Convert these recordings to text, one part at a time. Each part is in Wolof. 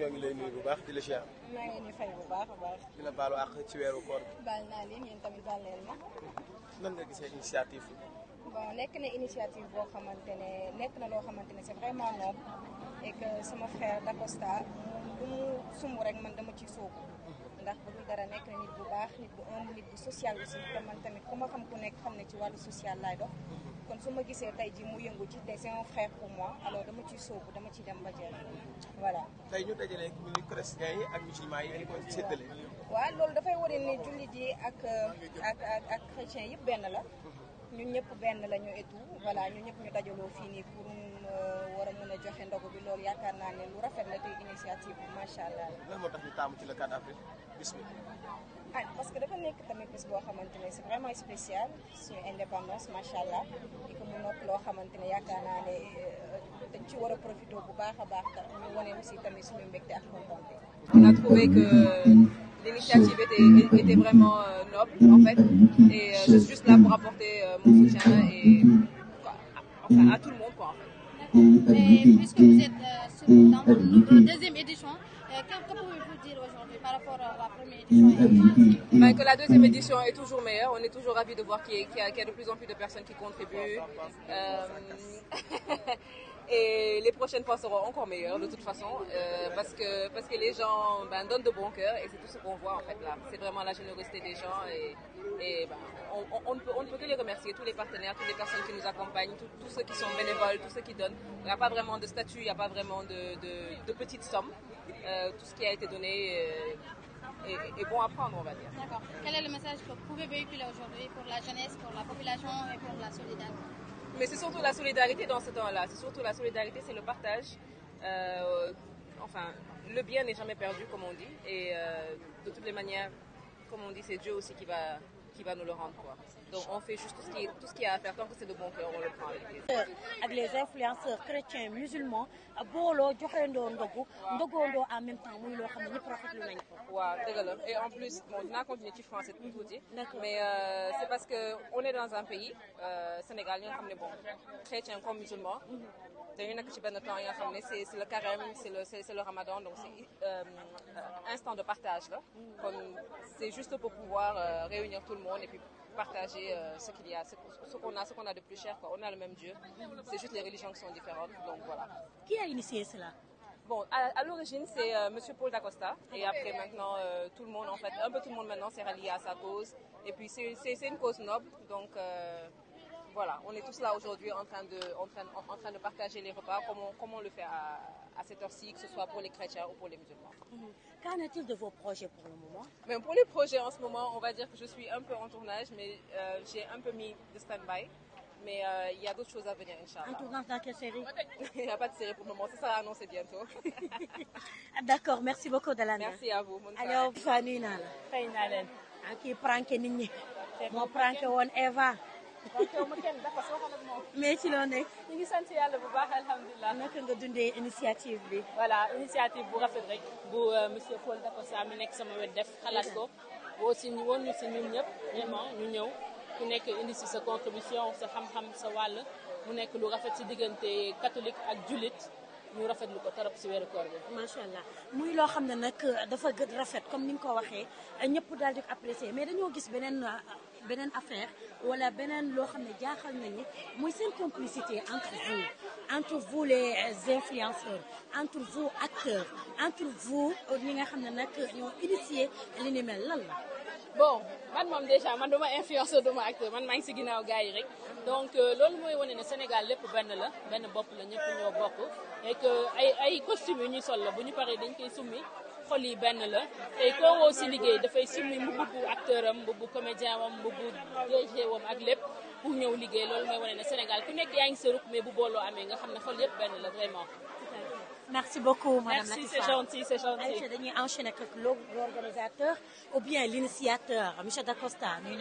ñoo ngi lay nuyu bu baax di la ziar. maa ngi leen fay bu baax a baax. di la baalu àq ci weeru koor bi. baal naa leen yéen tamit baal leen ma. nan nga gisee initiative bi. bon nekk na initiative boo xamante ne nekk na loo xamante ne c'est vraiment moom et que sama frère Dacosta lu mu sumb rek man dama ci sóobu. ndax bëgg dara nekk bu baax bu ëmb nit social aussi te tamit ku ma xam ku nekk xam ne ci wàllu social laay dox ma gisee tey ji mu yëngu ci des un frère pour dama ciy sóobu dama ciy dem ba jeex voilà. ñu dajalee ñu yi ak musulman yi ko séddale. waaw loolu dafay wane ni jullit ji ak ak ak ak yëpp benn la. ñun ñëpp benn la ñu et tout voilà ñun ñëpp ñu dajaloo fii nii pour euh, war a mën a joxe ndogu bi loolu yaakaar naa ne lu rafet la te initiative bi macha allah. lan moo tax ñu taamu ci le 4 avril. bis ah, parce que dafa nekk boo xamante ne c'est vraiment spécial suñu indépendance macha allah di ko mu nopp loo xamante ne yaakaar naa ne euh, dañ ci war a profité bu baax a baax tax ñu wane aussi tamit suñu mbégte ak kontaante. on a trouvé que euh, l'initiative était, était vraiment euh, noble en fait et je suis juste là pour apporter mon soutien et enfin à tout le monde quoi en fait. mais Euh, que pouvez-vous dire aujourd'hui par rapport à la première édition bah, que la deuxième édition est toujours meilleure. On est toujours ravis de voir qu'il y, qu y, qu y a de plus en plus de personnes qui contribuent. Euh... Et les prochaines fois seront encore meilleures de toute façon euh, parce que parce que les gens ben, donnent de bon cœur et c'est tout ce qu'on voit en fait là. C'est vraiment la générosité des gens et, on, on, on, ne peut, on que les remercier, tous les partenaires, toutes les personnes qui nous accompagnent, tous ceux a pas vraiment de a pas petites sommes. Euh, tout ce qui a été donné euh, est, bon à prendre, on va Quel est le message que vous pouvez véhiculer aujourd'hui pour la jeunesse, pour la population et pour la mais c'est surtout la solidarité dans ce temps-là c'est surtout la solidarité c'est le partage euh, enfin le bien n'est jamais perdu comme on dit et euh, de toutes les manières comme on dit c'est Dieu aussi qui va qui va nous le rendre quoi. Donc on fait juste tout ce qui est, tout ce qu'il y a faire tant que c'est de bon cœur on le prend avec plaisir. chrétiens musulmans booloo joxeendoo ndogu ndogoondoo en même temps muy loo xam ne en continuer ci français mais euh, c'est parce que on est dans un pays euh, Sénégal comme musulman. dañu nekk ci benn temps yi ramadan donc c'est euh, euh, instant de partage mm. c'est juste pour pouvoir réunir tout le monde. monde et puis partager euh, ce qu'il y a, ce, ce qu'on a, ce qu'on a de plus cher. Quoi. On a le même Dieu, c'est juste les religions qui sont différentes. Donc voilà. Qui a initié cela Bon, à, à l'origine, c'est euh, Monsieur Paul Dacosta. Et après, maintenant, euh, tout le monde, en fait, un peu tout le monde maintenant s'est rallié à sa cause. Et puis, c'est une cause noble. Donc, euh, voilà, on est tous là aujourd'hui en train de, en train, partager les repas, comme on, le fait à, à heure-ci, que ce soit pour les chrétiens ou pour les musulmans. Mhm. Qu'en est-il de vos projets pour le moment Même Pour les projets en ce moment, on va dire que je suis un peu en tournage, mais euh, j'ai un peu mis de stand Mais euh, il y a d'autres choses à venir, Inch'Allah. En a pas de série D'accord, merci beaucoup, Dalana. Merci à vous. Bonne Alors, Qui prend que Nini. Moi, prend que Eva. mais ci loo ne ñu ngi sant yàlla bu baax alhamdulilah. naka nga dundee initiative bi. voilà initiative bu rafet rek. bu euh, monsieur Paul Dakosa mi nekk sama wet def xalaat ko. boo si woon ñu si ñun ñëpp. ñu ñëw ku nekk indi si sa contribution sa xam-xam sa wàll mu nekk lu rafet si diggante catholique ak jullit. ñu rafetlu ko trop si weeru koor bi. macha allah muy loo xam ne nag euh, dafa gën rafet comme ni nga ko waxee euh, ñëpp daal di ko apprécier mais dañoo gis beneen euh, beneen affaire wala beneen loo xam ne jaaxal nañu muy seen complicité entre vous entre vous les influenceurs entre vous acteurs entre vous ñi nga xam ne nag ñoo initié li ni mel lan bon man moom déjà man duma influenceur duma acteur man maa ngi si ginnaaw gars yi rek donc euh, loolu mooy wone ne Sénégal lépp benn la benn bopp la ñëpp ñoo bokk et que ay ay yu ñuy sol la bu ñu paree dañ koy summi xol yi benn la tey koo woo si liggéey dafay summi mbubu acteur am mbubu comédien am mbubu DG wam ak lépp pour ñëw liggéey loolu mooy wane ne Sénégal ku nekk yaa ngi sa rukk bu booloo amee nga xam ne xol yëpp benn la vraiment merci beaucoup madame Latifa merci c'est gentil c'est gentil. Aïcha dañuy enchaîner ak l'organisateur ou bien maa ngi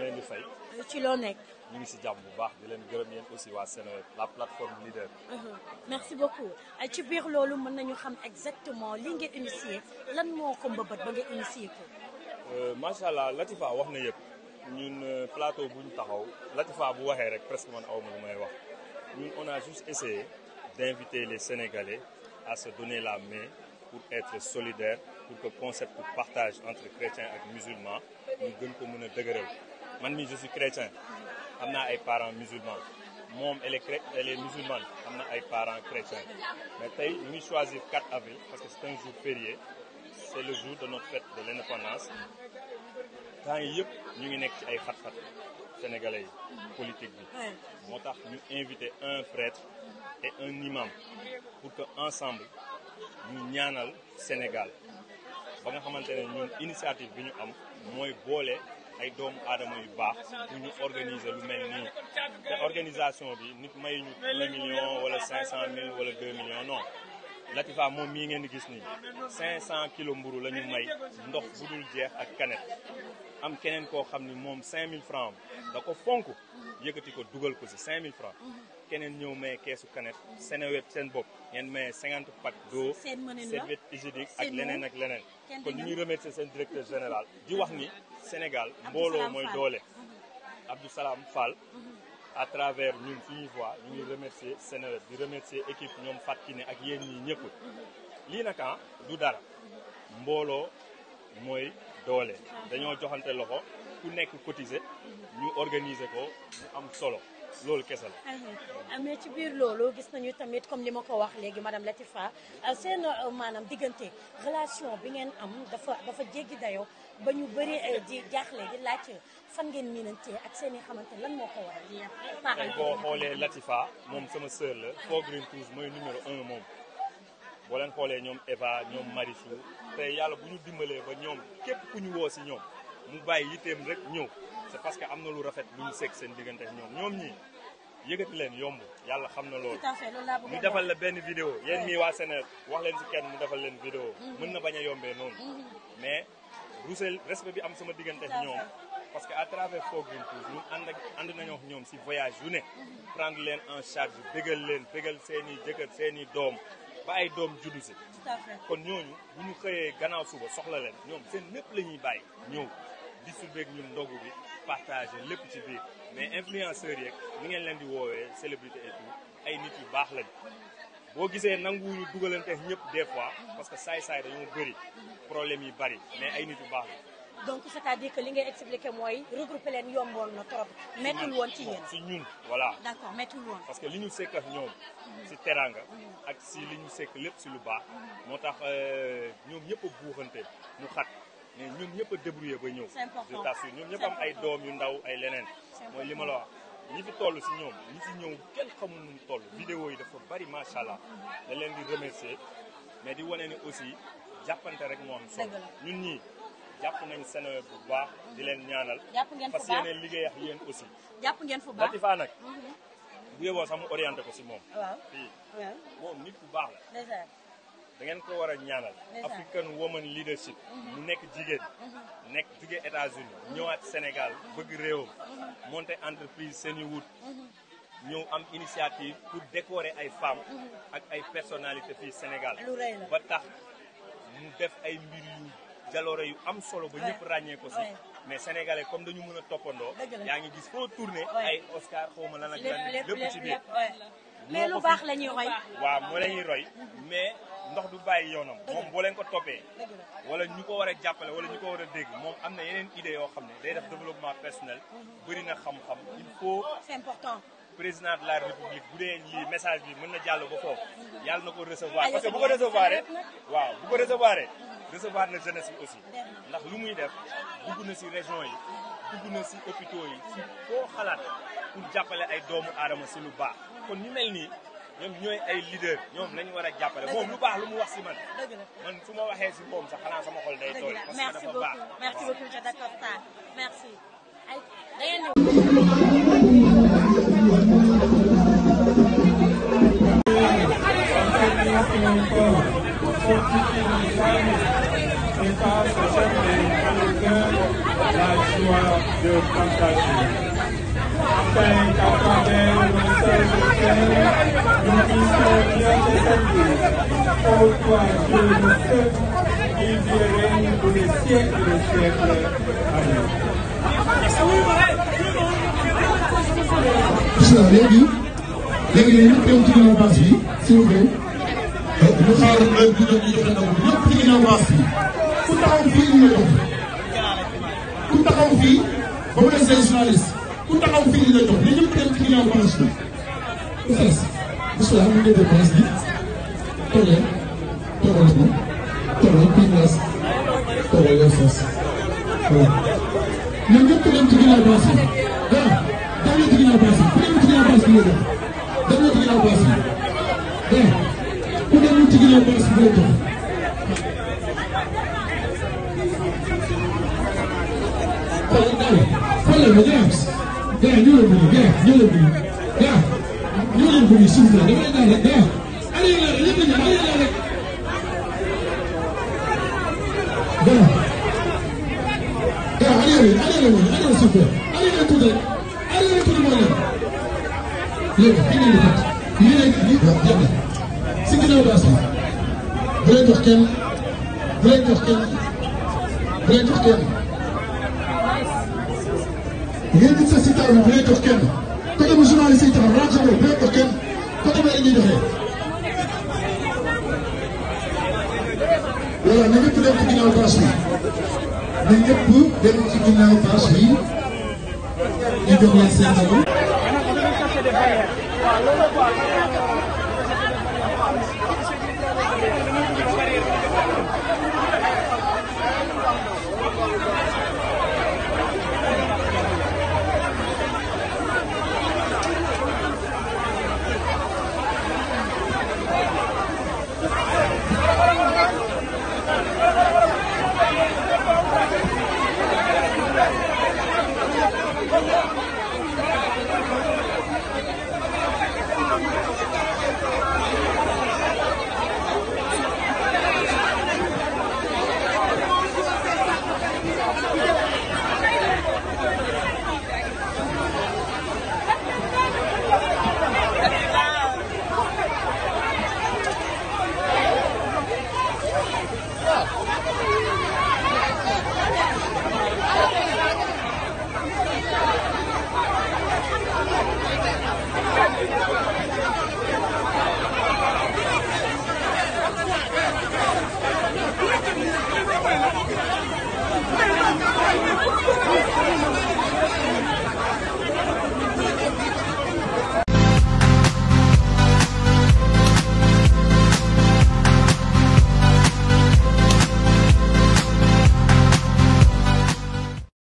leen di fay. Euh, ci loo nekk. ñu ngi si jàmm bu baax di leen gërëm yéen aussi waa Seneweb euh, la plateforme leader. Uh-huh. merci beaucoup euh, ci biir loolu mën nañu xam exactement li nga initié lan moo ko mbëbët ba nga initié ko. macha allah Latifa wax na yëpp ñun plateau bu ñu taxaw Latifa bu waxee rek presque man aw ma lu may wax ñun on a juste essayé. d'inviter les Sénégalais à se donner la main pour être solidaire pour que concept partage entre chrétiens ak musulmans ñu gën ko mën a dëgëral man mi je suis chrétien am naa ay parents musulmans moom elle est elle est musulmane am na ay parents chrétiens mais tey ñu ngi choisir 4 avril parce que c'est un jour férié c'est le jour de notre fête de l'indépendance temps yi yëpp ñu ngi nekk ci ay xat-xat yi politique un prêtre et un imam pour que ensemble ñu ñaanal Sénégal ba nga xamante ne ñun initiative bi ñu am mooy boole ay doomu aadama yu baax pour ñu organiser lu mel nii te organisation bi nit may ñu un million wala cinq cent mille wala deux millions non Latifa moom mii ngeen di gis nii 500 kilos mburu la ñu may ndox bu dul jeex ak canette am keneen koo xam ni moom cinq mille francs da ko fonk yëkkati ko dugal ko si 5000 francs keneen ñëw maye keesu canette Seneweb seen bopp ngeen maye 50 pack d'eau serviette hygiénique ak leneen ak leneen kon ñu ngi remercier seen directeur général di wax ni Sénégal mbooloo mooy doole Abdou Salam Fall mhm. à travers ñun suñuy voix ñu ngi remercier Seneweb di remercier équipe ñoom Fatkine ak yéen ñii ñëpp lii nag ah du dara mbooloo mooy doole dañoo joxante loxo ku nekk cotiser ñu organiser ko mu am solo loolu kese la. mais ci biir loolu gis nañu tamit comme li ma ko wax léegi madame Latifa seen euh, maanaam diggante relation bi ngeen am dafa dafa jéggi dayoo ba ñu bëri euh, di jaaxle di laaj. fan ngeen miinantee ak seen xamante lan moo ko waral tey moom sama sœur la foo Green mooy numéro un moom boo leen xoolee ñoom Eva ñoom Marichou tey yàlla bu ñu dimbalee ba ñoom képp ku ñu woo si ñoom mu bàyyi yitteem rek ñëw c'est parce que am na lu rafet lu ñu seeg seen diggante ñoom ñoom ñii yëgati leen yomb yàlla xam na loolu mu defal la benn vidéo yéen mii waa Sénégal wax leen si kenn mu defal leen vidéo mm-hmm. mën na bañ a yombee noonu mm-hmm. mais Roussel respect bi am sama diggante ñoom parce que à travers Faux Green Tours ànd ak ànd nañoo ñoom si voyage yu ne prendre leen en charge bégal leen bégal seeni i jëkkër seen doom ba ay doom juddu si kon ñooñu bu ñu xëyee gannaaw suba soxla leen ñoom seen lépp la ñuy bàyyi ñëw di surveeg ñun ndogu bi partager lépp ci biir mais influenceurs yeeg ni ngeen leen di woowee célébrité et ay nit yu baax lañ boo gisee nangu nanguwuñu dugalante ñëpp des fois parce que saay-saay dañoo bëri problème yi bëri mais ay nit yu baax la donc c'est-à-dire que li ngay expliqué mooy regrouper leen yomboon na trop. mettul woon ci yéen ñun voilà. d'accord mettul parce que li ñu sekk ak ñoom. si teraanga. ak si li ñu sekk lépp si lu baax. moo tax euh, ñoom ñëpp a buuxante mu xat mais ñoom ñëpp a débrouillé ñëw. c'est important je ñoom ñëpp am ay doom yu ndaw ay leneen. mooy li ma la wax. ñi fi toll si ñoom ñi si ñëw kenn xamul nu mu toll. vidéo yi dafa bari macha allah. da leen di remercier mais di wane ne aussi jàppante rek moo am solo ñun ñii. jàpp nañ seen bu baax di leen ñaanal. jàpp ngeen fu baax parce que yéen liggéey ak yéen aussi. jàpp ngeen fu baax Latifa nag. Mhm. bu yeboo sax mu ko si moom. waaw fii moom nit ku baax la. da ngeen ko war a ñaanal. African woman leadership. Mhm. mu nekk jigéen. Mhm. nekk jugee États-Unis ñëwaat Sénégal bëgg réewam. monter entreprise seen i wut. ñëw am initiative pour décorer ay femmes. ak ay personnalités fii Sénégal. ba tax mu def ay mbir jaloore yu am solo ba ñëpp ràññee ko si mais sénégalais comme dañu mën a toppandoo yaa ngi gis foo tourné ay Oscar xawma lan ak lan lépp ci biir mais lu baax la ñuy roy waaw moo la ñuy mais ndox du bàyyi yoonam moom boo leen ko toppee wala ñu ko war a jàppale wala ñu ko war a dégg moom am na yeneen idée yoo xam ne day def développement personnel mhm. bëri na xam-xam il faut c'est important président de la république bu dee lii message bi mën na jàll ba foofu mhm. yàlla na ko recevoir parce que bu ko recevoir recevoir na jeunesse si aussi ndax lu muy def dugg na si région yi dugg na si hôpitaux yi si foo xalaat pour jàppale ay doomu aadama si lu baax kon ñu mel nii ñoom ñooy ay leader ñoom lañu war a jàppale moom lu baax lu mu wax si man man su ma waxee si moom sax xanaa sama xol day tooy parce que dafa baax merci beaucoup je t'accorde ça merci de tentative. Afin qu'à travers le seul nous puissions bien descendre. Ô toi, Dieu de feu, qui règne pour ku taxaw fii ñu ko ku taxaw fii. ba mu des say journaliste ku taxaw fii la jox ñun ñëpp dem ci ginnaaw branche bi. bu fees bisimilah mu déggee presse bi toogee toogal ma toogal kuy presse toogal les fees voilà. ñun ñëpp dem ci ginnaaw branche bi waaw dem na ci ginnaaw branche bi ku dem ci ginnaaw branche bi la jox dem na ci ginnaaw branche bi waaw ku dem ci ginnaaw branche bi la jox. xoolal daal. xoolee ba ñu am si. gaa ñoo leen bëgg gaa ñoo leen bëgg gaa ñoo leen bëgg suuf la damay naan rek gaa. allez là ñëpp a ñëw allez là rek. gaa. gaa allez rek allez rek woon allez rek suuf la allez rek tuuti rek allez rek tuuti moo leen. léegi fi ngeen di fàtt lii rek lii wax jàpp la si ginnaaw baas bi bu leen jox kenn bu leen jox kenn bu leen jox kenn. ngeen di sa si taw bi bu leen jox kenn côté bu journaliste yi taxaw rencontre bu leen jox kenn côté bi la ñuy joxee. voilà na ñëpp dem ci ginnaaw bâche bi na ñëpp dem ci ginnaaw bâche bi ñu jox leen seen ndogu. waaw loolu